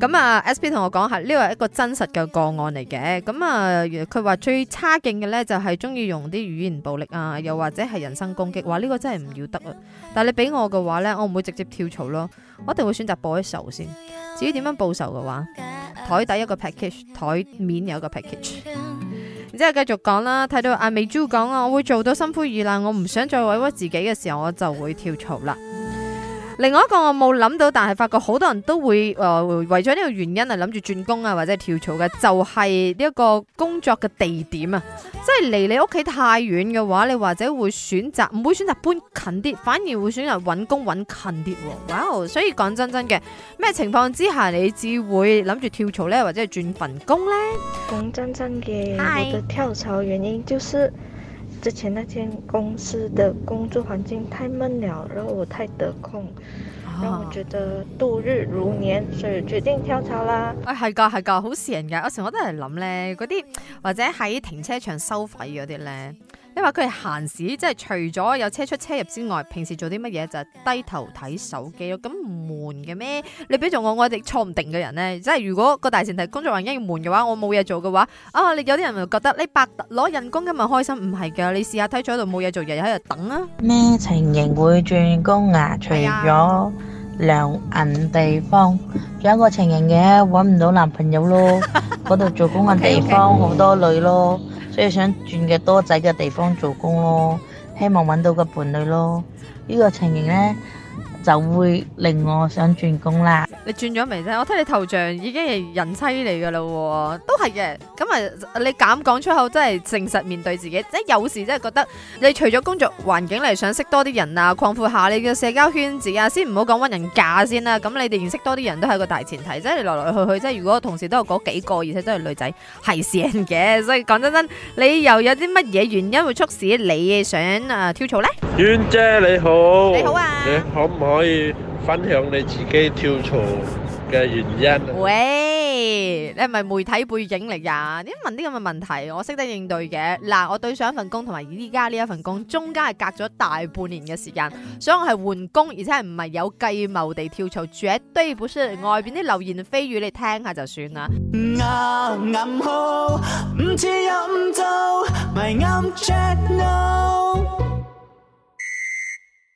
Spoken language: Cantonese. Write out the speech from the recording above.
咁啊，S P 同我講下，呢個係一個真實嘅個案嚟嘅。咁啊，佢話最差勁嘅呢，就係中意用啲語言暴力啊，又或者係人身攻擊。哇，呢個真係唔要得啊！但係你俾我嘅話呢，我唔會直接跳槽咯，我一定會選擇報一仇先。至於點樣報仇嘅話，台底一個 package，台面有一個 package。然之後繼續講啦，睇到阿美珠講啊，我會做到心灰意冷，我唔想再委屈自己嘅時候，我就會跳槽啦。另外一個我冇諗到，但係發覺好多人都會誒、呃、為咗呢個原因啊，諗住轉工啊或者跳槽嘅，就係呢一個工作嘅地點啊，即係離你屋企太遠嘅話，你或者會選擇，唔會選擇搬近啲，反而會選擇揾工揾近啲。哇、wow！所以講真真嘅，咩情況之下你至會諗住跳槽呢，或者係轉份工呢？講真真嘅，我嘅跳槽原因就係。之前那間公司的工作環境太悶了，然後我太得空，然後、啊、我覺得度日如年，所以決定跳槽啦。啊、哎，係噶係噶，好蝕人噶。有時我都係諗咧，嗰啲或者喺停車場收費嗰啲咧。因為佢係閒時，即係除咗有車出車入之外，平時做啲乜嘢就係低頭睇手機咯。咁悶嘅咩？你俾做我我哋坐唔定嘅人咧，即係如果個大前提，工作環境要悶嘅話，我冇嘢做嘅話，啊，你有啲人咪覺得你白攞人工咁咪開心？唔係噶，你試下睇咗喺度冇嘢做，日日喺度等啊。咩情形會轉工啊？除咗。哎良銀，地方，仲有一個情人嘅，揾唔到男朋友咯。嗰度 做工嘅地方好多女咯，所以想轉嘅多仔嘅地方做工咯，希望揾到個伴侶咯。呢、這個情形呢？就會令我想轉工啦。你轉咗未啫？我睇你頭像已經係人妻嚟噶啦，都係嘅。咁啊，你敢講出口，真係誠實面對自己。即係有時真係覺得，你除咗工作環境嚟想識多啲人啊，擴闊下你嘅社交圈子啊，先唔好講搵人嫁先啦。咁你哋認識多啲人都係個大前提，即係來來去去，即係如果同事都有嗰幾個，而且都係女仔，係成嘅。所以講真真，你又有啲乜嘢原因會促使你想啊跳槽呢？娟姐你好，你好啊，你可唔可以分享你自己跳槽嘅原因？喂，你係咪媒體背景嚟噶？點問啲咁嘅問題？我識得應對嘅。嗱，我對上一份工同埋而家呢一份工，中間係隔咗大半年嘅時間，所以我係換工，而且係唔係有計謀地跳槽。絕對，唔係外邊啲流言蜚語，你聽下就算啦。